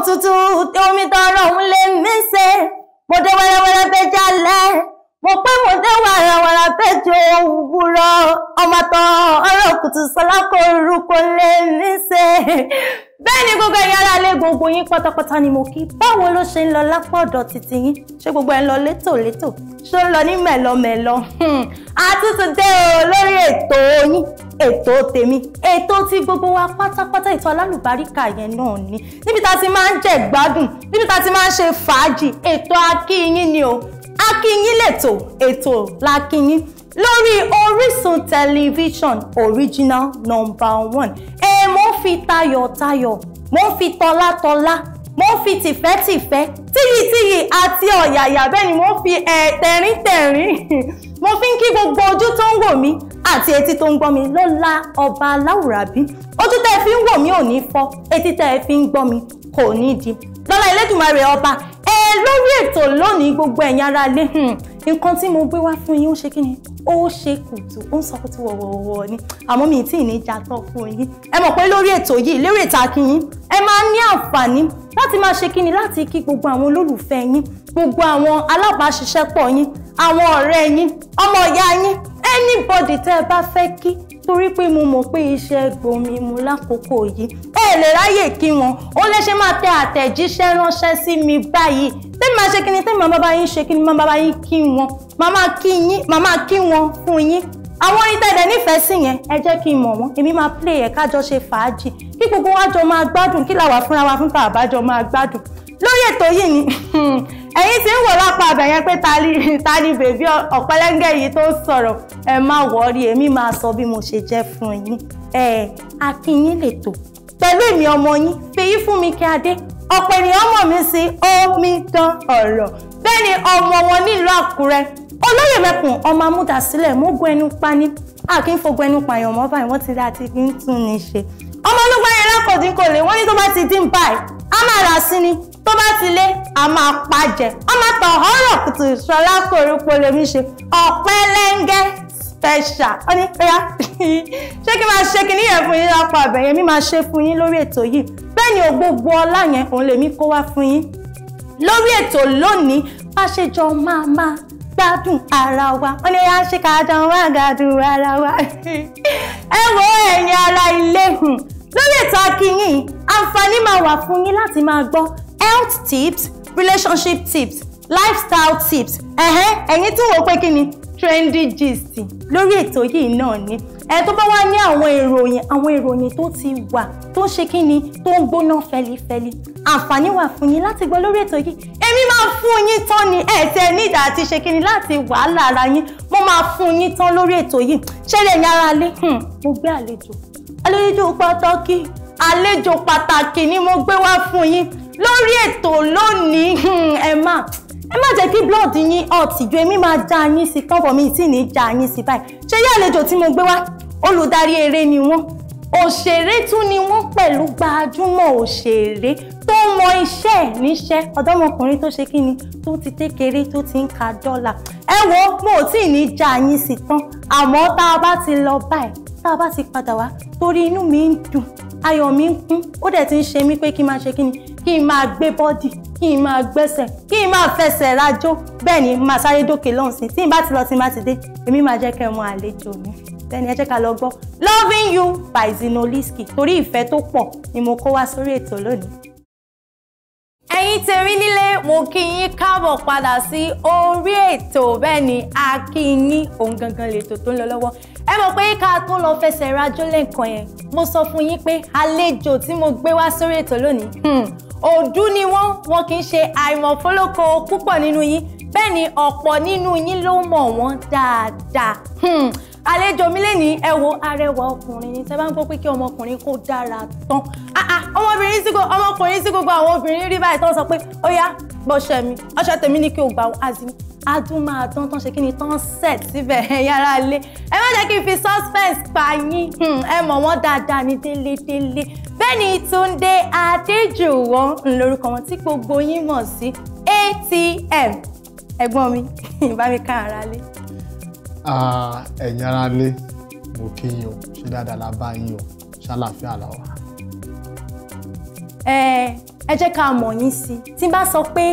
òtútù omi tọrọ òun lè mí ṣe mo dé wẹrẹwẹrẹ fẹ́ jalẹ̀ mo pé mo dé wàràwàrà fẹ́ jo òwúrọ̀ ọmọ tán ọ̀rọ̀ kùtù sọlá kò rú kò lè ṣe bẹ́ẹ̀ ni gbogbo ẹ̀yin ará ilé gbogbo yín pátápátá ni mo kí báwo ló ṣe ń lọ lápá ọ̀dọ̀ títí yín ṣé gbogbo ẹ̀ ń lọ létòlétò ṣé ó ń lọ ní mẹ̀lọmẹ̀lọ àtúntò hmm. dé o lórí ètò yín ètò tèmi ètò tí gbogbo wa pátápátá ètò alálùbáríkà yẹn náà ni níbi tá a ti máa ń jẹ gbádùn níbi tá a ti máa ń ṣe fàájì ètò akíyín ni o akíyín lètò ètò lákíyín lórí Orísun tẹlifíṣàn original number one ẹ e mo fi tayọ̀tayọ̀ mo fi tọ́látọ́lá mo fi tìfẹ́tìfẹ́ tíyìtíyì àti ọ̀yàyà bẹ́ẹ̀ ni mo fi ẹ̀ tẹ̀ríntẹ̀rín mo fi ń kí gbogbo ojú tó ń wò mí àti etí tó ń gbọ́ mi lọ́lá ọba aláwùrábí ojú tẹ́ ẹ fi ń wò mí ò ní fọ́ etí tẹ́ ẹ fi ń gbọ́ mi kò ní di lọ́lá Elédùmarè ọba ẹ lórí ètò lónìí gbogbo ẹ̀yin aráalé hmm, nǹkan tí mo gbé wá fún yín ó ṣe kí ni ó ṣe kùtù ó ń sọ kùtù wọ̀wọ̀wọ̀ ni àmọ́ mi tí ì ní já tán fún yín ẹ mọ̀ pé lórí ètò yìí lérè takiyín ẹ máa ní àǹfààní láti máa ṣe kí ni láti kí gbogbo àwọn olólùfẹ́ yín gbogbo àwọn alábàáṣiṣẹ́pọ̀ yín àwọn ọ̀rẹ́ yín ọmọ ìyá yín anybody tẹ́ ẹ bá fẹ́ kí torí pé mo mọ̀ pé iṣẹ́ gbomi mu lákòókò yìí ẹ lè ráyè kí wọn ó lè ṣe máa tẹ àtẹ̀jíṣẹ́ ránṣẹ́ sí mi báyìí tẹ́mi máa ṣe kí ni tẹ́mi máa bá yín ṣe kí ni máa bá yín kí wọn máa máa kí yín máa máa kí wọn fún yín àwọn orin tẹ̀dẹ̀ nífẹ̀ẹ́ sí yẹn ẹ jẹ́ kí n mọ̀ wọ́n èmi máa play ẹ̀ kájọ ṣe fàájì kí gbogbo wa máa gbádùn kí làwa fúnra wa fúnta àbájọ máa gbádùn lórí ètò yìí ni ẹ̀yin tí ń wò lápá àbẹ̀yẹn pé ta ni bèbí ọ̀pẹ́lẹ́ngẹ̀ yìí tó ń sọ̀rọ̀ ẹ má wọ́ọ̀rì èmi máa sọ bí mo ṣe jẹ́ fún yín ẹ akínyín lè tò pẹ̀lú èmi ọmọ yín fèyí fún mi kí adé ọ̀pọ̀ ènìyàn mọ̀ mí sí omi dán ọ̀rọ̀ bẹ́ẹ̀ ni ọmọ wọn nílùú Àkúrẹ́ olóyè mẹ́kùn ọmọ amúdàsílẹ̀ mógún ẹnu pani àkín fogun ẹnu pààyàn mọ́ báyìí wọ́n ti dá àti fi ń tún ní ṣe ọmọ olúgbọ́n yẹn lákòdínkò lè wọ́n ní tó bá ti dín báyìí á máa rà sí ni tó bá ti lé a máa pàjẹ́ ọmọ tàn ọ̀rọ̀ kùtù ìṣọlá koríko lèmi ṣe ọ̀pẹ́ lẹ́ńgẹ́ special ó ní pé ṣé kí n máa ṣe kinní yẹn fún yín lápá àbẹ̀yẹn mi máa ṣe fún yín lórí ètò yìí bẹ́ẹ̀ ni gbogbo ọlá yẹn òun lèmi kó wá fún yín lórí ètò lónìí bá ṣe jọ máa máa gbádùn ara wa ó ní yá ṣe ká dán wá gbádùn ara wa ẹ wo ẹ̀yin ara ilé hmm. lórí ètò akínyìn àǹfààní máa wà fún yín láti máa gbọ́ health tips relationship tips lifestyle tips ẹ̀yin tí wò ó pé kí ni trendy gist lórí ètò yìí náà ni ẹ tó bá wá ní àwọn ìròyìn àwọn ìròyìn tó ti wà tó ń ṣe kí ni tó ń gbóná fẹlifẹli àǹfààní wà fún yín láti gbọ́ lórí ètò yìí èmi máa fún yín tán ni ẹ̀tẹ̀ nídàá àti ṣe kí ni láti wàhálà ara yín mo máa fún yín tán lórí ètò yìí ṣẹlẹ̀ ní ara lé hmm, mo gbé àlejò àlejò pàtàkì àlejò pàtàkì ni mo gbé wá fún yín lórí ètò lónìí hmm, ẹ má ẹ má jẹ́ kí blood yín ọ̀tì ju èmi máa já yín sí tán fọ̀ mi tí ní já yín sí báyìí ṣé yá àlejò tí mo gbé wá olùdarí eré ni wọ́n òṣèré tún ni wọ́n pẹ̀lú gbajúmọ̀ òṣèré tó mọ iṣẹ́ níṣẹ́ ọ̀dọ́mọkùnrin tó ṣe kíni tó ti kékeré tó ti ń ka dọ́là ẹ wo mo ò tí ní já yín sí tán àmọ́ tá a bá ti lọ báyìí tá a bá ti padà wá torí inú mi ń dùn ayọ̀ mi ń kún ó dẹ̀ ti ń ṣe mí pé kí n máa ṣe kíni kí n máa gbé bọ́dì kí n máa gbẹ́sẹ̀ kí n máa fẹsẹ̀ rajó bẹ́ẹ̀ ni màá sáré dókè lọ́hùn sí tí n bá ti lọ tí n bá ti dé èmi máa jẹ́ kẹ́ ẹ mọ àlejò mi bẹ́ẹ̀ ni ẹ jẹ́ ká lọ gbọ́ loving you by Zinoliski torí ìfẹ́ tó pọ̀ ni mo kó wá sórí ètò lónìí ẹ̀yin tèmi nílé mo kí yín káàbọ̀ padà sí orí ètò bẹ́ẹ̀ ni a kí yín ní ohun gangan lètò tó ń lọ lọ́wọ́ ẹ mọ̀ pé ká tó lọ fẹsẹ̀ rajó lẹ́ǹkan yẹn mo sọ fún yín pé àlejò tí mo gbé wá sórí ètò lónìí òdú hmm, ni wọ́n wọn kì í ṣe àìmọ̀fólókò púpọ̀ nínú yín bẹ́ẹ̀ ni ọ̀pọ̀ nínú yín ló mọ̀ wọ́n dáadáa. Hmm, àlejò mi lè ní ẹwọ arẹwà ọkùnrin ní sẹ́bá ń gbọ́ pé kí ọmọkùnrin kó dára tán ah, ah, ọmọbìnrin sí gbogbo ọmọkùnrin sí gbogbo àwọn obìnrin rí báyìí tó ń sọ pé ó yá mi ọṣẹ tèmi ní kí o gbà azimi adùn máa tán ṣe kí ni tán set síbẹ̀ ẹ yára lé ẹ má jẹ́ kí n fi suspense pa yín hmm, ẹ mọ̀ wọ́n dáadáa ní délédélé bẹ́ẹ̀ ni Túndé Adéjùwọ̀n ńlórúkọ wọn tí gbogbo yín mọ̀ sí ATM ẹ̀gbọ́n mi ìbá mi ká ara lé ẹ̀yin ará lé mo kí yín o ṣé dáadáa la bá yín o ṣàlàáfíà la wà. ẹ ẹ jẹ́ ká mọ̀ yín sí tí bá sọ pé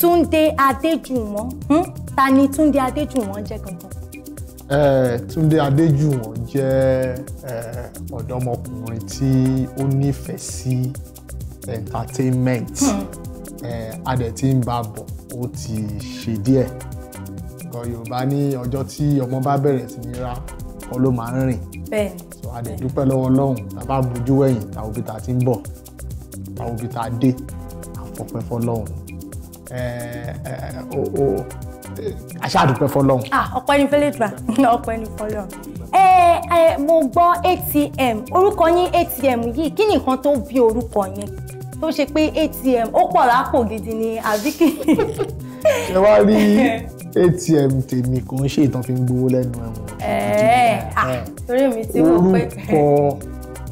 Túndé Adéjùwọ̀n ta ni Túndé Adéjùwọ̀n jẹ́ gangan. Túndé Adéjùwọ̀n jẹ́ ọ̀dọ́mọkùnrin tí ó nífẹ̀ẹ́ sí entertainment hmm. a dẹ̀ ti ń bá a bọ̀ ó ti ṣe díẹ̀ sọ Yorùbá ní ọjọ́ tí ọmọ bá bẹ̀rẹ̀ sí ní ra kọ́ ló máa ń rìn bẹ́ẹ̀ni so a dẹ̀ dúpẹ́ lọ́wọ́ tá a bá bujú wẹ̀yìn tá a òbí tá ti ń bọ̀ tá a òbí tá a dé àfọpẹ́ fọ́lọ́run aṣáàdúpẹ́ fọ́lọ́run. ọpẹ́ ni fẹ́lẹ́dùà ọpẹ́ ni fọ́lọ́run. mo gbọ́ atm orúkọ yín atm yìí kí ni nǹkan tó bí orúkọ yín tó ṣe pé atm ó pọ̀ lápò gidi ni àbí kí. ṣé wàá rí atm tèmi kò ń ṣe ìtàn fi ń gbowó lẹ́nu ẹ̀wọ̀n. ẹ̀ẹ́ ah, torí mi ti mọ̀ pé. orúkọ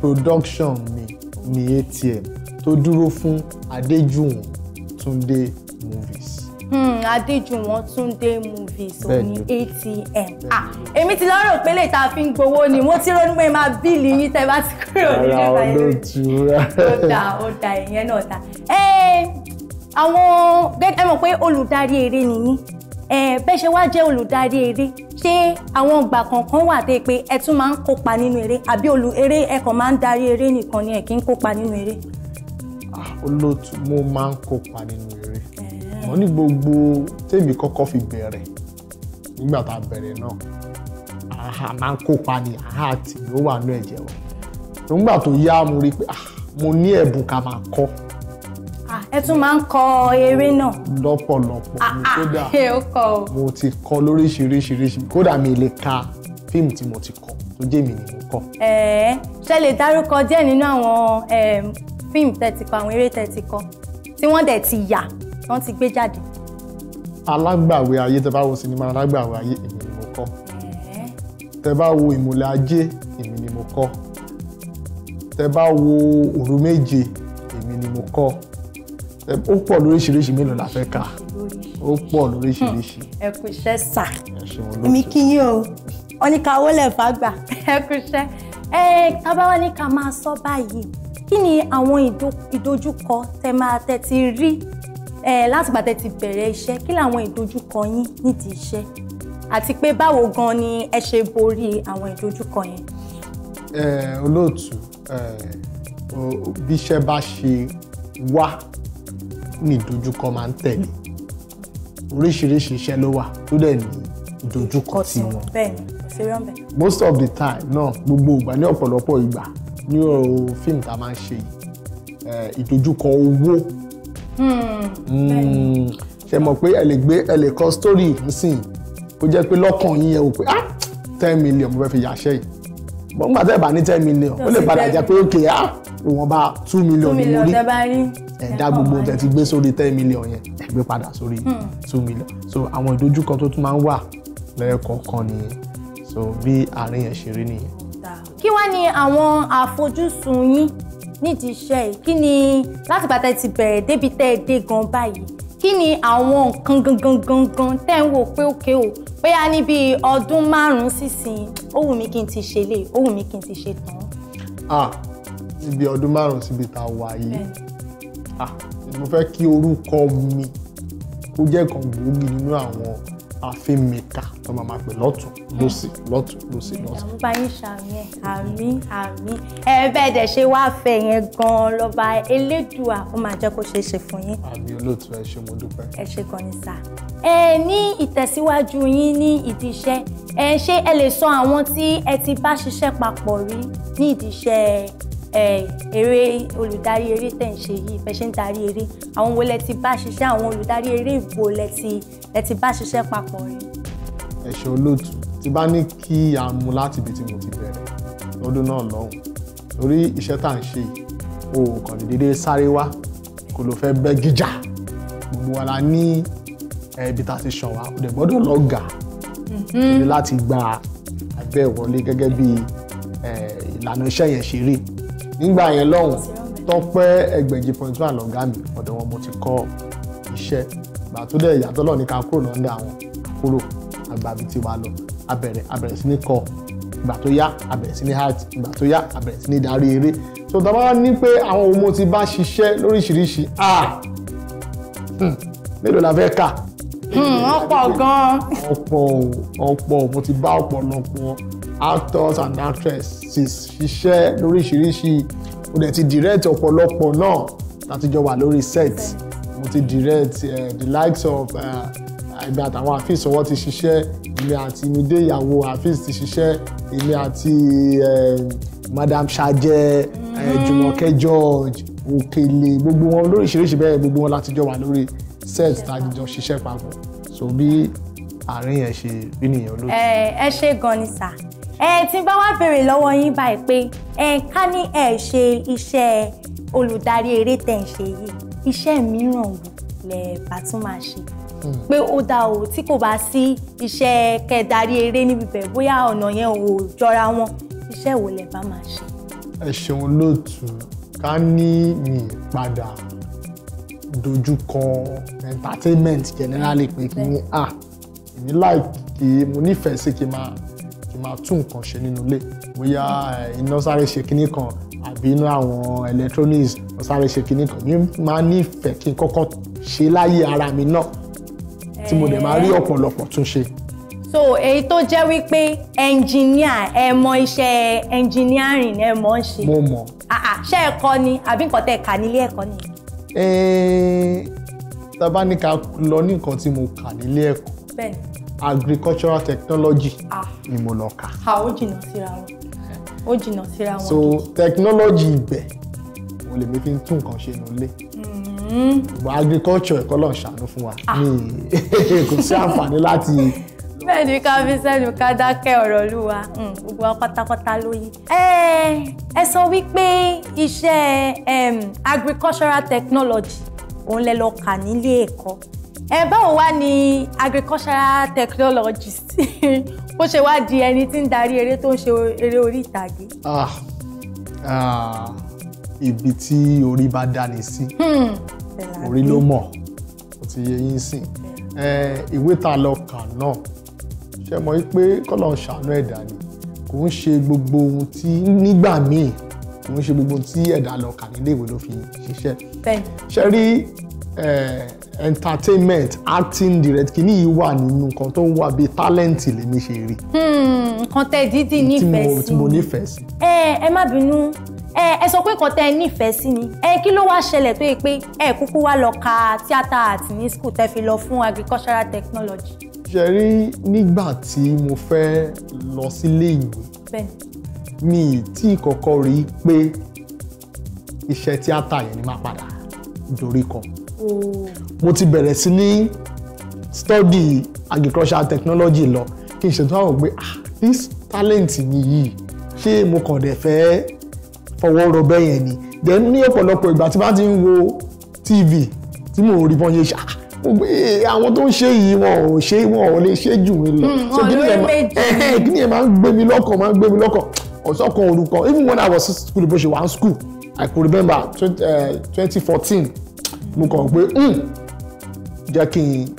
production mi ni atm tó dúró fún adéjùwọ̀n túndé movies. Hmm, adéjùwọ̀n túndé movies ò atm ah, èmi ti lọ́rọ̀ pé lè ta fi ń gbowó ni mo ti ronú pé máa bíìlì yín tẹ́ bá ti kúrò nínú ìgbà yẹn. ara olóòtúra. ó da ó da ìyẹn náà da àwọn gẹ́gẹ́ mọ̀ pé olùdarí eré ni ẹ bẹ́ẹ̀ ṣe wá jẹ́ olùdarí eré ṣé àwọn ìgbà kọ̀ọ̀kan wà tẹ́ pé ẹ tún máa ń kópa nínú eré àbí olù eré ẹ kàn máa ń darí eré nìkan ni ẹ kì í kópa nínú eré. Ah, olóòtú mo máa ń kópa nínú eré mo ní gbogbo tèmi kọ́kọ́ fi bẹ̀rẹ̀ nígbà tá a bẹ̀rẹ̀ náà àhà máa ń kópa ní àhà àti ló wà ní ẹ̀jẹ̀ wa nígbà tó yá mo rí i pé ah, mo ní ẹ̀bùn ká máa kọ́ ẹ tún máa ń kọ eré náà. lọ́pọ̀lọpọ̀ ah, ah, kódà mo ti kọ lóríṣiríṣiríṣi kódà mi lè ka fíìmù tí mo ti kọ tó jẹ́ mi ni mo kọ. ẹ̀ẹ́ ṣe lè dárúkọ díẹ̀ nínú àwọn fíìmù tẹ́ ti kọ àwọn eré tẹ́ ti kọ tí wọ́n dẹ̀ ti yà wọ́n ti gbé jáde. alágbàwé ayé tẹ bá wo sinimá alágbàwé ayé èmi ni mo kọ tẹ bá wo ìmùlẹ̀ ajé èmi ni mo kọ tẹ bá wo òru méje èmi ni mo kọ ó pọ̀ lóríṣiríṣi mélòó la fẹ́ kà ó pọ̀ lóríṣiríṣi. ẹ kú iṣẹ́ sà èmi kí yín o wọn ní ká wọlé fàgbà ẹ kú iṣẹ́ ẹ tábàwá ní ká máa sọ báyìí kí ni àwọn ìdojúkọ tẹ máa tẹ ti rí látìgbà tẹ ti bẹ̀rẹ̀ iṣẹ́ kí làwọn ìdojúkọ yín nídìí iṣẹ́ àti pé báwo gan ni ẹ ṣe borí àwọn ìdojúkọ yẹn. olóòtú bí iṣẹ́ bá ṣe wá ní ìdojúkọ máa ń tẹ̀lé oríṣiríṣi iṣẹ́ ló wà tó dẹ̀ ní ìdojúkọ tí wọn. most of the time náà gbogbo ìgbà ní ọ̀pọ̀lọpọ̀ ìgbà ní ọ̀rọ̀ fíìmù tá a máa ń ṣe eh, ìdojúkọ owó hmm, hmm, ṣe mọ̀ pé ẹ lè gbé ẹ lè story nísìnyí kó jẹ́ pé lọ́kàn yín yẹ wò pé ah ten million mo fẹ́ fi yàṣẹ́ yìí bọ́n gbà tẹ́ ní ten million ó lè padà jẹ́ pé okay ah ìwọ̀nba two million ní orí ẹ̀dá gbogbo tẹ̀ ti gbé sórí ten million yẹn ẹ̀ gbé padà sórí hmm. two million so àwọn ìdojúkọ tó tún máa ń wà lẹ́ẹ̀kọ̀ọ̀kan nìyẹn so bí àárín yẹn ṣe rí nìyẹn. kí wá ni àwọn àfojúsùn yín nídìí iṣẹ́ yìí kí ni láti bàtà ti bẹ̀rẹ̀ débi tẹ́ ẹ dé gan báyìí kí ni àwọn nǹkan gangan gangan tẹ́ ń wò pé òkè o bóyá ní bíi ọdún márùn-ún sísìn ó wù mí kí n ti ṣe lè ó wù mí kí n ti ṣe tán níbi ọdún márùn síbi tá a wà yìí ah, mo fẹ́ kí orúkọ mi kó jẹ́ kan gbòógì nínú àwọn àfẹ́mẹ̀ka tó máa máa pè lọ́tún lọ́sì lọ́tún lọ́sì lọ́tún. ìyàwó yín ṣàmì àmín àmín ẹ bẹ́ẹ̀ dẹ̀ ṣe wá fẹ́ yẹn gan-an lọ́ba elédùà ó máa jẹ́ kó ṣeé ṣe fún yín. àmì olóòtú ẹ ṣé mo dúpẹ́. ẹ ṣé kan ní sá. ẹ ní ìtẹ̀síwájú yín ní ìdí iṣẹ́ ẹ ṣé ẹ lè sọ àwọn tí ẹ ti bá ṣiṣẹ́ papọ̀ rí ní ìdí iṣẹ́ eré olùdarí eré tẹ̀ ń ṣe yìí fẹ́ ṣe ń darí eré àwọn wo lẹ ti bá ṣiṣẹ́ àwọn olùdarí eré ìbò lẹ ti lẹ ti bá ṣiṣẹ́ papọ̀ rẹ̀. ẹ̀ṣọ́ olóòtú ti bá ní kí a mú láti ibi tí mo ti bẹ̀rẹ̀ lọ́dún náà lọ́hùn torí iṣẹ́ tá à ń ṣe o kàn lè dédé sáré wá kò ló fẹ́ bẹ́ gíjà gbogbo wa la ní ibi tá a ti ṣàn wá o dẹ̀ lọ gà mm-hmm. láti gba abẹ́ ìwọlé gẹ́gẹ́ bí ìlànà iṣẹ́ yẹn ṣe rí nígbà yẹn lọ́hùn tọ́pẹ́ ẹgbẹ̀jì point one lọ́gá mi ọ̀dọ̀ wọn mo ti kọ́ iṣẹ́ gbà tó dẹ̀ yàtọ̀ lọ́ọ̀ ní ká kúrò lọ́ndẹ̀ àwọn kúrò àgbàbí ti wá lọ abẹ̀rẹ̀ abẹ̀rẹ̀ sí ní kọ́ ìgbà tó yá abẹ̀rẹ̀ sí ní heart ìgbà tó yá abẹ̀rẹ̀ sí ní darí eré so tá a bá ní pé àwọn ohun mo ti bá ṣiṣẹ́ lóríṣiríṣi ah mélòó la fẹ́ kà hmm, ọ̀pọ̀ gan-an. ọ̀pọ̀ ọ̀pọ̀ mo ti bá ọ̀pọ̀lọpọ̀ actors and actresses ti ṣiṣẹ́ lóríṣiríṣi mo dẹ̀ ti direct ọ̀pọ̀lọpọ̀ náà láti jọ wà lórí set mo ti direct uh, the likes of ìgbà eh, àtàwọn àfíìs ọwọ́ ti ṣiṣẹ́ èmi àti midé ìyàwó àfíìs ti ṣiṣẹ́ èmi àti eh, madam sajẹ mm-hmm. Jùmọ̀kẹ́ George Òkèlè gbogbo wọn lóríṣiríṣi bẹ́ẹ̀ gbogbo wọn láti jọ wà lórí set tàbí jọ ṣiṣẹ́ papọ̀ so bí àárín yẹn ṣe bí nìyẹn olóòtú. ẹ ẹ ṣe gan ni sà ẹ tí n bá wá béèrè lọ́wọ́ yín báyìí pé ẹ ká ní ẹ ṣe iṣẹ́ olùdarí eré tẹ̀ ń ṣe yìí iṣẹ́ mìíràn wò lẹ bá tún máa ṣe hmm. pé ó dá o tí kò bá sí iṣẹ́ kẹdarí eré níbi bẹ̀ bóyá ọ̀nà yẹn ò jọra wọn iṣẹ́ wo lẹ bá máa ṣe. ẹ ṣeun lóòtú ká ní mi padà dojúkọ entertainment generally pé kí ni ah èmi láìpẹ́ mo nífẹ̀ẹ́ sí kí n máa máa tún nǹkan ṣe nínú ilé bóyá eh, iná sáré ṣe kinní kan àbí iná àwọn electronics ó sáré ṣe kinní kan mi máa nífẹ̀ẹ́ kí n kọ́kọ́ ṣe láyé ara mi náà tí mo dẹ̀ máa rí eh. ọ̀pọ̀lọpọ̀ tún ṣe. so èyí tó jẹ́ wípé ẹnjìníà ẹ mọ iṣẹ́ ẹnjìníàrìn ẹ mọ̀ ń ṣe. mo mọ̀. Ah, ah, ṣé ẹ kọ́ ni àbí nǹkan tẹ̀ kà nílé ẹ̀kọ́ ni. Eh, tá a bá ní ká lọ ní nǹkan tí mo kà nílé ẹ̀kọ́. bẹ́ẹ̀ni agricultural technology ah. ni mo lọ kà. Ah, ó jìnnà síra wọn ó jìnnà síra wọn. so technology be. O lè mi fi ń tún nǹkan ṣe nílé ìgbà mm-hmm. agriculture ẹ̀kọ́ lọ́n ṣàánú fún wa ní ah. kò sí àǹfààní láti. bẹ́ẹ̀ ni ká fi sẹ́nu ká dákẹ́ ọ̀rọ̀ lúwa mm, gbogbo wa pátápátá ló ẹ sọ wípé iṣẹ́ agricultural technology òun lẹ lọ kà nílé ẹ̀kọ́ ẹ báwo wá ni agricultural technologist bó ṣe wá di ẹni tí ń darí eré tó ń ṣe eré orí ìtàgé. Ah, ah, ibi tí orí bá dání sí hmm, orí ló mọ̀ ó ti yẹ yín sìn ìwé tá lọ kàn náà ṣe mọ̀ pé kọ́lọ̀ ń ṣàánú ẹ̀dá ni kò ń ṣe gbogbo ohun tí nígbà míì kò ń ṣe gbogbo ohun tí ẹ̀dá lọ kà nílé ìwé ló fi ṣiṣẹ́ ṣe rí entertainment acting direct kìíní yìí wà nínú nǹkan tó ń wà bíi talent lèmi ṣe rí. Hmm, nǹkan tẹ dídì nífẹ̀ẹ́ sí tí mo nífẹ̀ẹ́ sí. ẹ ẹ má bínú ẹ sọ pé nǹkan tẹ nífẹ̀ẹ́ sí ni ẹ kí ló wá ṣẹlẹ̀ tó yẹ pé ẹ kúkú wá lọ ka tíátà àti ní school tẹ fi lọ fún agricultural technology. ṣe rí nígbà tí mo fẹ́ lọ sílé ìwé mi ì tí kọ́kọ́ rí i pé iṣẹ́ tíátà yẹn ni máa padà dorí kọ mo ti bẹ̀rẹ̀ sí ní study agricultural technology lọ kí n ṣètò àwọn pé ah this talent mi yìí ṣé mo kàn dẹ̀ fẹ́ fọwọ́ rọ bẹ́ẹ̀ yẹn ni then ní ọ̀pọ̀lọpọ̀ ìgbà tí bá ti ń wo tv tí mo ń rí bọ́n yẹn ṣá ah, àwọn tó ń ṣe yìí wọn ò ṣe wọn ò lè ṣe jù mí lọ hmm, so kí ni ẹ eh, máa ń gbé mi lọ́kàn máa ń gbé mi lọ́kàn ọ̀sán kan orúkọ even when i was school bó ṣe wà ní school i could remember eh, twenty fourteen mo kàn pé hmm, jẹ́ kí n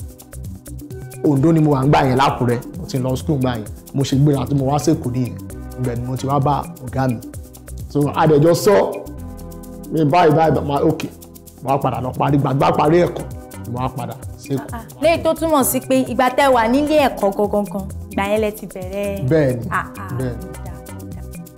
Ondo ni mo wà ń gbà yẹn lákùrẹ́ mo ti lọ school gbà yẹn mo ṣe gbéra tí mo wá sèkó nìyẹn ibẹ̀ ni mo ti wá bá ọ̀gá mi so adẹ̀jọ sọ mi báyìí báyìí máa ok mo wá padà lọ parí gbàgbá parí ẹ̀kọ́ mo wá padà sèkó. Ah, ah. léyìí tó túmọ̀ sí pé ìgbà tẹ́ wà nílé ẹ̀kọ́ gangan ìgbà yẹn lẹ ti bẹ̀rẹ̀. bẹ́ẹ̀ni ah, bẹ́ẹ̀ni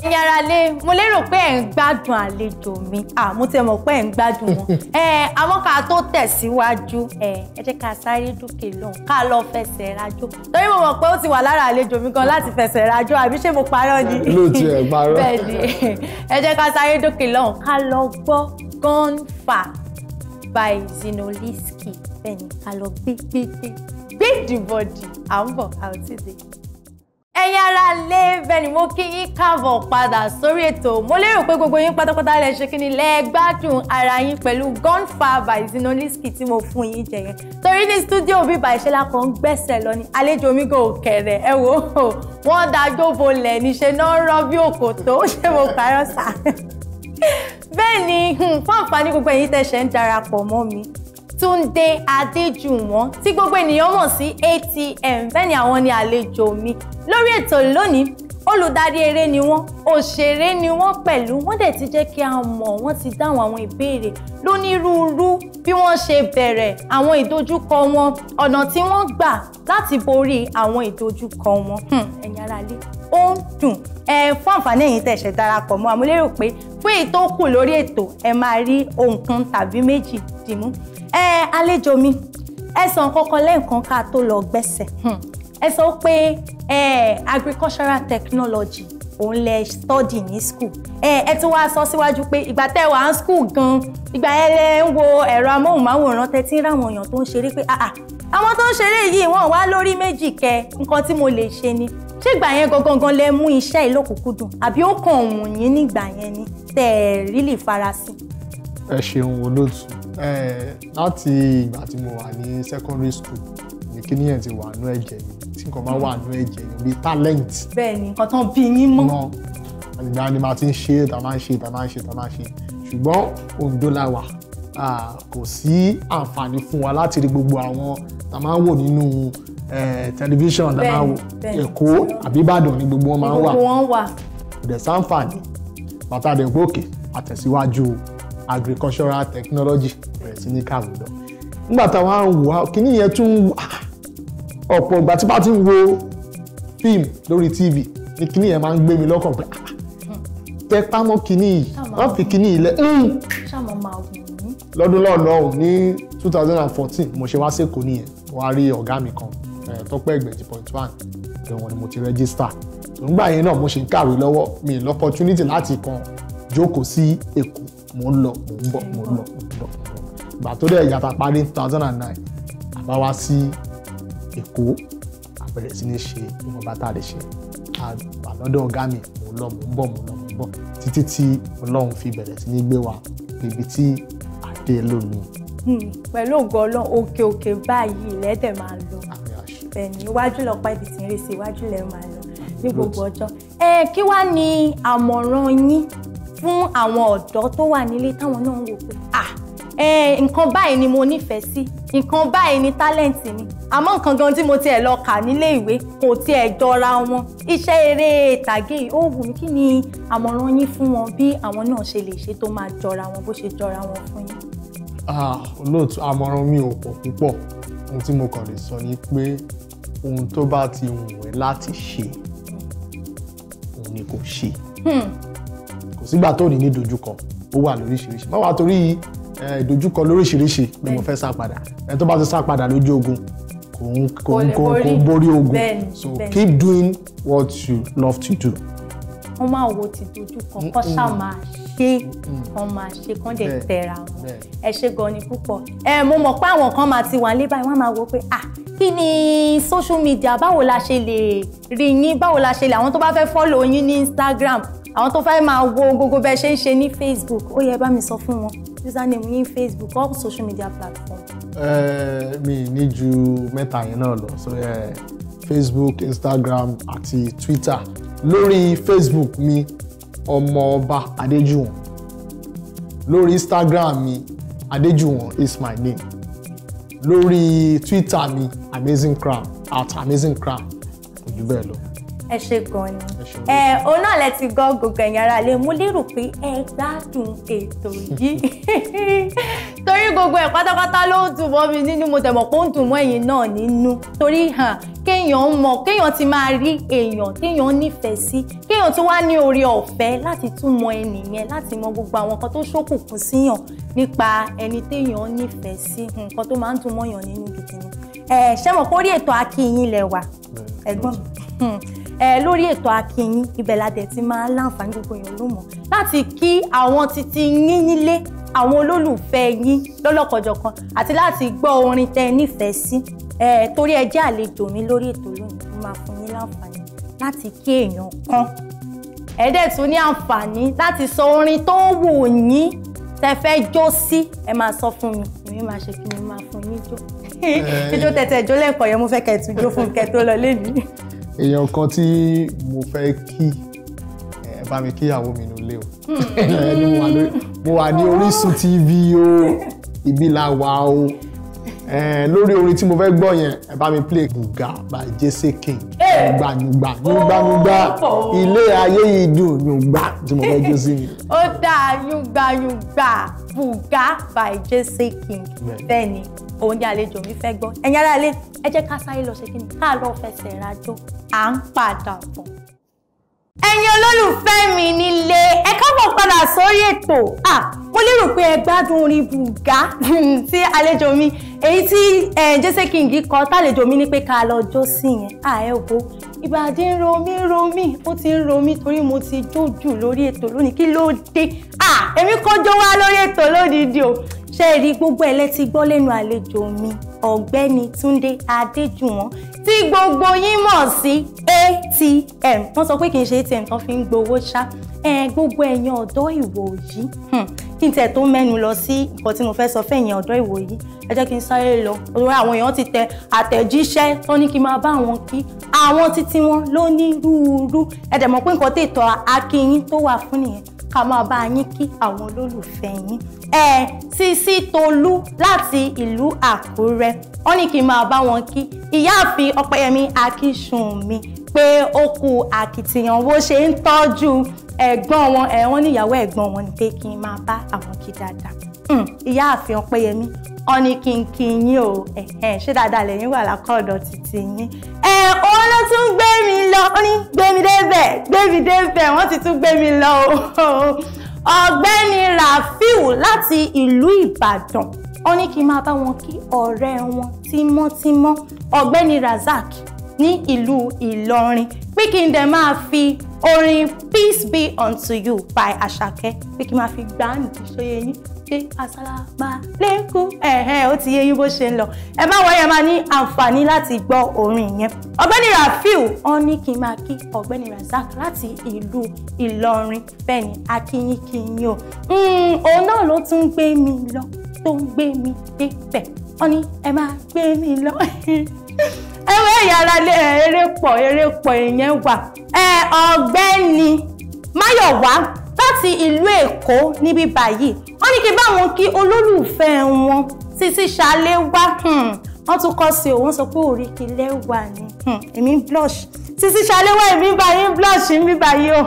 ẹ̀yin aráalé mo lérò pé ẹ̀ ń gbádùn àlejò mi àmú tẹ mọ̀ pé ẹ̀ ń gbádùn wọn àmọ́ ká tó tẹ̀síwájú ẹ jẹ́ ká sáré dúkè lọ ká lọ fẹsẹ̀ rajó torí mo mọ̀ pé ó ti wà lára àlejò mi gan láti fẹsẹ̀ rajó àbí ṣé mo parọ́ ni bẹ́ẹ̀ ni ẹ jẹ́ ká sáré dúkè lọ ká lọ gbọ́ Gunfa by Zinoliski bẹ́ẹ̀ ni ká lọ gbé gbé gbé gbé the à ń bọ̀ àwòtí ìdè ẹ̀yin ará lé bẹ́ẹ̀ ni mo kí yín káàbọ̀ padà sórí ètò mo lérò pé gbogbo yín pátápátá lẹ ṣe kí ni lẹ gbádùn ara yín pẹ̀lú gunfire by Zinolisky tí mo fún yín jẹ torí ní stúdíò bí bàṣẹ lápò ń gbẹ̀sẹ̀ lọ ni àlejò mi kò kẹ̀rẹ̀ ẹ wò ó wọ́n dájọ́ bolẹ̀ níṣẹ́ náà rọ́ bí òkòtó ṣé mo parọ́ sá bẹ́ẹ̀ hmm, fún àǹfààní gbogbo ẹ̀yin tẹ̀sẹ̀ ń darapọ̀ mọ́ mi Túndé Adéjùwọ̀n tí gbogbo ènìyàn mọ̀ sí ATM bẹ́ẹ̀ ni àwọn ni àlejò mi lórí ètò lónìí olùdarí eré ni wọ́n òṣèré ni wọ́n pẹ̀lú wọ́n dẹ̀ ti jẹ́ kí a mọ̀ wọ́n ti dáhùn àwọn ìbéèrè lónírúurú bí wọ́n ṣe bẹ̀rẹ̀ àwọn ìdojúkọ wọn ọ̀nà tí wọ́n gbà láti borí àwọn ìdojúkọ wọn hmm, ẹ̀yin aráalé ó ń dùn ẹ fún àǹfààní ẹ̀yin tẹ́ ṣẹ̀ darapọ̀ mọ́ àmúlérò pé fún èyí tó kù lórí ètò ẹ máa rí ohun kan tàbí méjì dìmú ẹ àlejò mi ẹ sọ kankan lẹ́ǹkan ká tó lọ gbẹ́sẹ̀ hmm. ẹ sọ pé agricultural technology òun lẹ study ní school ẹ ẹ tún wá sọ síwájú pé ìgbà tẹ wà ń school gan ìgbà ẹ lẹ ń wo ẹ̀rọ amóhùnmáwòrán tẹ ti ń ráwọn èèyàn tó ń ṣeré pé àà ah, ah, àwọn tó ń ṣeré yìí wọ́n wá lórí méjì kẹ nǹkan tí mo lè ṣe ni ṣé ìgbà yẹn gangan gan lẹ mú iṣẹ́ ìlókùnkúndùn àbí ó kàn wùn yín nígbà yẹn ni tẹ ẹ rí lè fara sí. ẹ ṣeun olóòtú Eh, láti ìgbà tí mo wà ní secondary school ní kíní yẹn ti wà nú ẹ̀jẹ̀ mi tí nǹkan máa wà nú ẹ̀jẹ̀ mi bíi talent. bẹ́ẹ̀ni nǹkan tán bí yín mọ. mọ àgbà ni màá ti ń ṣe tá máa ń ṣe tá máa ń ṣe tá máa ń ṣe ṣùgbọ́n Oǹdó la wà kò sí àǹfààní fún wa láti rí gbogbo àwọn tá máa ń wò nínú eh, tẹlifíṣàn tá máa ń wò Èkó àbí Ìbàdàn ni gbogbo wọn máa ń wà. gbogbo wọn wà. ìdẹ̀sánfààní bàtà dẹ̀ gbòkè àtẹ̀síwájú agricultural technology bẹ̀rẹ̀ sí ní kàwé lọ nígbà táwọn á ń wò á kíní yẹn tún ah, ọ̀pọ̀ ìgbà tí bá ti ń wo fíìmù lórí tv ni kíní yẹn máa ń gbé mi lọ́kàn pé ah, tẹ pámọ́ kíní yìí wọ́n fi kíní yìí lẹ́ lọ́dún lọ́nà ọ̀hún ní 2014, thousand and fourteen mo ṣe wá sẹ́kọ̀ọ́ nìyẹn wọ́n á rí ọ̀gá mi kan eh, tọ́pẹ́ ẹgbẹ̀jì point one ìwọ̀n ni mo ti rẹ́gísítà nígbà yẹn náà mo ṣe ń kàwé lọ́wọ́ mi ní láti kan jókòó sí èkó mò ń lọ mò ń bọ̀ mò ń lọ mò ń bọ̀ ìgbà tó dẹ̀ yàtà parí two thousand and nine àbá wá sí èkó àbẹ̀rẹ̀ sí ní ṣe ìwọ̀nba tá a lè ṣe àlọ́dọ̀ ọ̀gá mi mò ń lọ mò ń bọ̀ mò ń lọ mò ń bọ̀ títí tí ọlọ́run fi bẹ̀rẹ̀ sí ní gbé wa ibi tí àdé lónìí. Hmm, pẹ̀lú ògo ọlọ́run òkè òkè báyìí lẹ́tẹ̀ máa lọ bẹ́ẹ̀ni iwájú lọ́pàá ibi tí ń rèé sí iwájú lẹ́ máa lọ ní gbogbo ọjọ́ ẹ kí wàá ní àmọ̀ràn yín fún àwọn ọ̀dọ́ tó wà nílé táwọn náà ń wò pé ah Eh, nǹkan báyìí ni mo nífẹ̀ẹ́ sí nǹkan báyìí ni tálẹ̀ǹtì ni àmọ́ nǹkan gan tí mo tiẹ̀ lọ kà nílé ìwé kò tiẹ̀ jọra wọn iṣẹ́ eré ìtàgé ó wù mí kí ni àmọ̀ràn yín fún wọn bí àwọn náà ṣe lè ṣe tó máa jọra wọn bó ṣe jọra wọn fún yín. olóòtú àmọ̀ràn mi ò pọ̀ púpọ̀ ohun tí mo kàn lè sọ ni pé ohun tó bá ti wù ẹ́ láti ṣe òun ni kò ṣe. Hmm sígbà tó ní ní dojúkọ ó wà lóríṣiríṣi má wàá torí ìdojúkọ lóríṣiríṣi ni mo fẹ́ sá padà ẹ tó bá ti sá padà lójú ogun kò ń kò ń kò ń borí ogun so keep doing what you love to do. wọ́n máa wo ti dojúkọ kọ́ ṣáà máa ṣe kán máa ṣe kán dẹ̀ tẹ̀ra ẹ ṣe gan ni púpọ̀ ẹ mo mọ̀ pé àwọn kan máa ti wà lébàá wọ́n máa wò pé ah kí ni social media báwo la ṣe lè rí yín báwo la ṣe lè àwọn tó bá fẹ́ fọ́lọ̀ yín ní Instagram àwọn tó fẹ́ máa wo gbogbo bẹ́ẹ̀ ṣe ń ṣe ní facebook ó yẹ bá mi sọ fún wọn username yín facebook all social media platform. ẹ mi ní ju mẹ́ta yẹn náà lọ so ẹ facebook instagram àti twitter lórí facebook mi ọmọọba adéjùwọ̀n lórí instagram mi adéjùwọ̀n is my name lórí twitter mi amazing crown at amazing crown kò jù lọ ẹ ṣe gan ni ẹ òun náà lẹ ti gbọ́ gbogbo ẹ̀yin ará lè mú lérò pé ẹ gbádùn ètò yìí torí gbogbo ẹ̀ pátápátá ló ń dùn mọ́ mi nínú mo tẹ̀mọ̀ pé ó ń dùn mọ́ ẹ̀yin náà nínú torí hàn kéèyàn mọ̀ kéèyàn ti máa rí èèyàn kéèyàn nífẹ̀ẹ́ sí kéèyàn tó wá ní oore ọ̀fẹ́ láti tún mọ̀ ẹnìyẹn láti mọ̀ gbogbo àwọn nǹkan tó ṣókùnkùn síyàn nípa ẹni téèyàn nífẹ̀ẹ́ sí nǹkan tó máa ń dùn mọ́yàn nínú gidi ni ẹ ṣé mọ̀ kórìí ètò AkiiYin lẹ wà ẹ̀gbọ́n mi lórí ètò akínyìn ibẹ̀ la dẹ̀ ti máa láǹfààní gbogbo èèyàn ló mọ̀ láti kí àwọn titi yín nílé àwọn olólùfẹ́ yín lọ́lọ́kọ̀jọ̀kan àti láti gbọ́ orin tẹ́ ẹ nífẹ̀ẹ́ sí torí ẹ jẹ́ àlejò mi lórí ètò lónìí mo máa fún yín láǹfààní láti kí èèyàn kan ẹ dẹ̀ tún ní àǹfààní láti sọ orin tó wù yín tẹ́ fẹ́ jó sí ẹ máa sọ fún mi èmi máa ṣe kí ni máa fún yín jó ijó tẹ̀tẹ̀ jó lẹ́ẹ̀kan yẹn mo fẹ́ kẹ́ ẹ tún jó fún kẹ́ tó lọ lé èèyàn kan tí mo fẹ́ kí ẹ bá mi kíyàwó mi nulẹ o hmm. mo wà ní Orísun TV o ibi la o lórí orin tí mo fẹ́ gbọ́ yẹn ẹ bá mi play Buga by Jesse King gbàgbà gbàgbà oh, ilé ayé yìí dùn yùngbà tí mo fẹ́ jó sí mi. ó dáa yùngbà yùngbà Buga by Jesse King bẹ́ẹ̀ ni òun ni àlejò mi fẹ́ gbọ́ ẹ̀yin aráalé ẹ jẹ́ ká sáré lọ ṣe kí ni ká lọ fẹsẹ̀ rajó à ń padà bọ̀ ẹ̀yin olólùfẹ́ mi nílé ẹ káàbọ̀ padà sórí ètò mo lérò pé ẹ gbádùn orin bùgá tí àlejò mi èyí tí jésè kìngì kọ tàlejò mi ní pé ká lọ jó sí yẹn àẹ wo ìbàdí ń ro mí ń ro mí ó ti ń ro mí torí mo ti jó jù lórí ètò lónìí kí ló dé èmi kò wá lórí ètò lódìdí o ṣe rí gbogbo ẹ̀ gbọ́ lẹ́nu àlejò mi ọ̀gbẹ́ni Túndé Adéjùwọ̀n tí gbogbo yín mọ̀ sí atm wọ́n sọ pé kì í ṣe atm tán fi ń gbowó ṣá gbogbo ẹ̀yin ọ̀dọ́ ìwò yìí hmm, kí n tẹ̀ tó mẹ́nu lọ sí nǹkan tí mo fẹ́ sọ fẹ́yìn ọ̀dọ́ ìwò yìí ẹ jẹ́ kí n sáré lọ òṣèré àwọn èèyàn ti tẹ àtẹ̀jíṣẹ́ tó ní kí n máa bá wọn kí àwọn títí wọn ló ní rúurú ẹ pé nǹkan tètò akínyín tó wà fún nìyẹn ká máa bá yín kí àwọn olólùfẹ́ yín ẹ Sisi Tolú láti ìlú Àkúrẹ́ wọ́n ní kí n máa bá wọn kí ìyáàfin Ọpẹ́yẹmí Akínsùnmi pé ó kú àkìtìyàn wo ṣe ń tọ́jú ẹ̀gbọ́n wọn ẹ̀ wọ́n níyàwó ẹ̀gbọ́n wọn ní pé kí n máa bá àwọn kí dáadáa hmm, ìyáàfin Ọpẹ́yẹmí wọ́n ní kí n kí yín o ṣé dáadáa lẹ́yìn wà lákọ̀ọ́dọ̀ títí yín. ẹ òun ló tún gbé mi lọ ó ní gbé mi débẹ̀ gbé mi débẹ̀ wọ́n ti tún gbé mi lọ o. ọ̀gbẹ́ni Rafiu láti ìlú Ìbàdàn ó ní kí n máa bá wọn kí ọ̀rẹ́ wọn tímọ́tímọ́ ọ̀gbẹ́ni Razak ní ìlú Ìlọrin pé kí n dẹ̀ máa fi orin Peace Be Unto You by Àṣàkẹ́ pé kí n máa fi gbáǹdì sóyè yín ṣe àṣàlàgbà lẹ́kùn ẹ̀hẹ́ ó ti yé yín bó ṣe ń lọ ẹ bá wọ́n yẹn máa ní àǹfààní láti gbọ́ orin yẹn ọ̀gbẹ́ni Rafiu wọn ní kí n máa kí ọ̀gbẹ́ni Razak láti ìlú Ìlọrin bẹ́ẹ̀ akínyínkínyín o hmm, òun náà ló tún gbé mi lọ tó ń gbé mi débẹ̀ wọn ní ẹ máa gbé mi lọ ẹwẹ́ ìyára lé eré pọ̀ eré pọ̀ èèyàn wà ọ̀gbẹ́ni Máyọ̀wá láti ìlú Èkó níbí báyìí wọ́n ní kí bá wọn kí olólùfẹ́ wọn Títí Ṣaléwá hmm, wọ́n tún kọ́ sí òun sọ pé òríkì lẹ́wà ni hmm, èmi ń blush Títí Ṣaléwá èmi bá yín blush ń bí báyìí o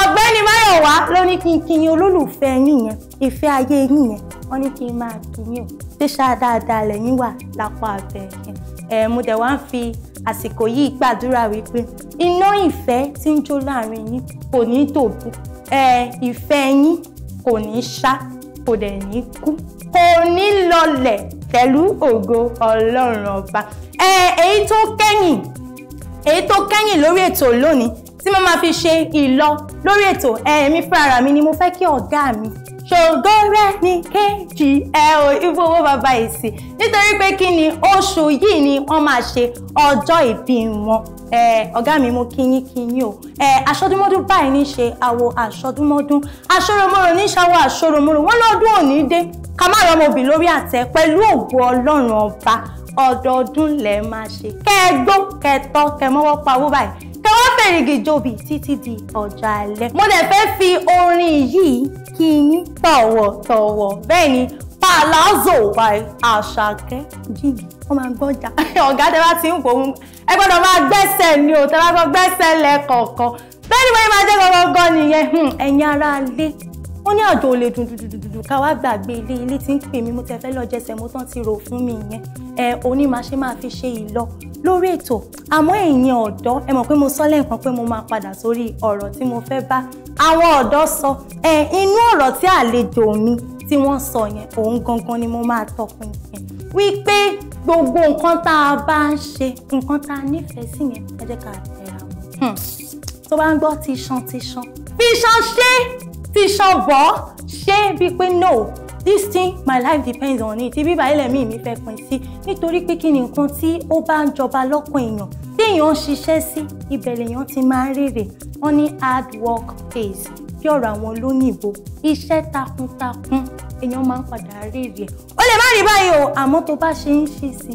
ọ̀gbẹ́ni Máyọ̀wá ló ní kí n kí yín olólùfẹ́ yín yẹn ìfẹ́ ayé yín yẹn wọ́n ní kí n máa kí yín o ṣé ṣáà dáadáa lẹ́yìn wà lápò abẹ́ yẹn mo dẹ̀ wá ń fi àsìkò yìí gbàdúrà wípé iná ìfẹ́ tí ń jó láàrin yín kò ní dòbú ẹ ìfẹ́ yín kò ní ṣá kò dẹ̀ ní kú kò ní lọlẹ̀ pẹ̀lú ògo ọlọ́run ọba ẹ èyí tó kẹ́yìn èyí tó kẹ́yìn lórí ètò lónìí tí mo máa fi ṣe ìlọ lórí ètò ẹ̀ẹ̀mí fúnra mi ni mo fẹ́ kí ọ̀gá mi ṣògo rẹ̀ ní kejì ẹ o ìfowó bàbá ìsìn nítorí pé kí ni oṣù yìí ni wọ́n máa ṣe ọjọ́ ìbí wọn ọ̀gá mi mo kíyín kíyín o aṣọ́dúnmọ́dún báyìí ní ṣe àwo aṣọ́dúnmọ́dún aṣọ́rọ̀mọ́rọ̀ ní ṣàwọ̀ aṣọ́rọ̀mọ́rọ̀ wọn lọ́dún òní dé ká má rọmọbì lórí àtẹ pẹ̀lú ògo ọlọ́run ọba ọdọọdún lẹ máa ṣe kẹ́ẹ̀gbọ́ kẹ́ẹ̀tọ́ kẹ́ẹ̀mọ́wọ́ pawó báyìí fèrègì jobi títí di ọjà alẹ́. mo dẹ̀ fẹ́ fi orin yìí kí yín tọ̀wọ̀tọ̀wọ̀ bẹ́ẹ̀ ni palazzo by àṣàkẹ́ jìbì wọ́n máa gbọ́jà ọ̀gá tẹ bá ti ń pòun ẹ gbọ́dọ̀ máa gbẹ́sẹ̀ ni o tẹ bá gbọ́ gbẹ́sẹ̀ lẹ́kọ̀ọ̀kan bẹ́ẹ̀ ni wọ́n máa jẹ́ gbọ́gbọ́gbọ́ nìyẹn hmm, ẹ̀yin ará lé wọ́n ní àjò olè dùndùndùndùn ká wá gbàgbé ilé ilé tí ń pè mí mo tẹ fẹ́ lọ jẹsẹ̀ mo tán ti rò fún mi yẹn ẹ òní máa ṣe máa fi ṣe ìlọ lórí ètò àmọ́ ẹ̀yin ọ̀dọ́ ẹ mọ̀ pé mo sọ lẹ́ẹ̀kan pé mo máa padà sórí ọ̀rọ̀ tí mo fẹ́ bá àwọn ọ̀dọ́ sọ ẹ inú ọ̀rọ̀ tí àlejò mi tí wọ́n sọ yẹn òun gangan ni mo máa tọpin yẹn wípé gbogbo nǹkan tá a bá ń ṣe nǹkan tá a nífẹ̀ẹ́ sí yẹn ẹ jẹ́ ká tẹ̀ra hmm. tó bá ń gbọ́ tíṣan tíṣan fíṣan ṣe ti ṣọ̀bọ̀ ṣé bíi pé no this thing my life depends on it ibi báyìí lẹ́mí mi fẹ́ pin sí nítorí pé kí ni nǹkan tí ó bá ń jọba lọ́kàn èèyàn téèyàn ń ṣiṣẹ́ sí ibẹ̀ lèèyàn ti máa ń rèrè wọ́n ní hard work pays kí ọ̀rọ̀ àwọn olóyìnbó iṣẹ́ takuntakun èèyàn máa ń padà rèrè ẹ̀ ó lè má rí báyìí o àmọ́ tó bá ṣe ń ṣe sí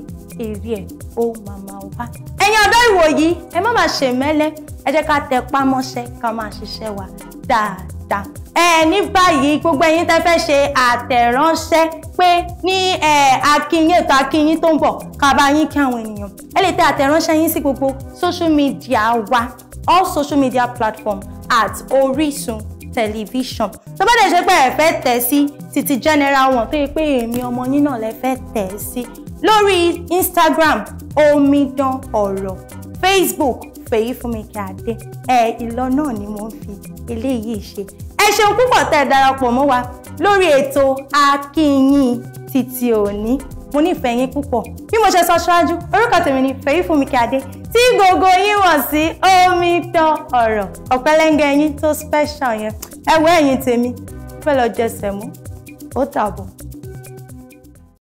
èrè ẹ̀ ó máa máa wá. ẹ̀yin ọ̀dọ́ ìwòyí ẹ má máa ṣèmẹ́lẹ́ ẹ jẹ́ ká tẹpá mọ́ṣẹ́ ká máa ṣiṣẹ́ wa dáadáa ẹ ní báyìí gbogbo ẹ̀yin tẹ́ fẹ́ ṣe àtẹ̀ránṣẹ́ pé ní ẹ akínyìn ètò akínyìn tó ń bọ̀ kábà yín kí àwọn ènìyàn ẹ lè tẹ àtẹ̀ránṣẹ́ yín sí gbogbo social media wa all social media platforms, at Orísun tẹlifíṣàn tó bá dẹ̀ ṣe pé ẹ fẹ́ tẹ̀ sí títí general one tó yẹ pé èmi ọmọ yín náà lẹ fẹ́ tẹ̀ sí lórí Instagram omidan ọ̀rọ̀ Facebook fèyí fún mi kí a dé ẹ ìlọ náà ni mo ń fi eléyìí ṣe ẹ ṣeun púpọ̀ tẹ́ ẹ darapọ̀ mọ́ wa lórí ètò akínyìn títí òní mo nífẹ̀ẹ́ yín púpọ̀ bí mo ṣe sọ ṣáájú orúkọ tèmi ni fèyí fún mi kí a dé tí gbogbo yín wọ̀ sí omi tán ọ̀rọ̀ ọ̀pẹ́lẹ́ngẹ́ yín tó special yẹn ẹ wọ ẹ̀yìn tèmi fẹ́ lọ jẹsẹ̀ mú ó tàbọ̀.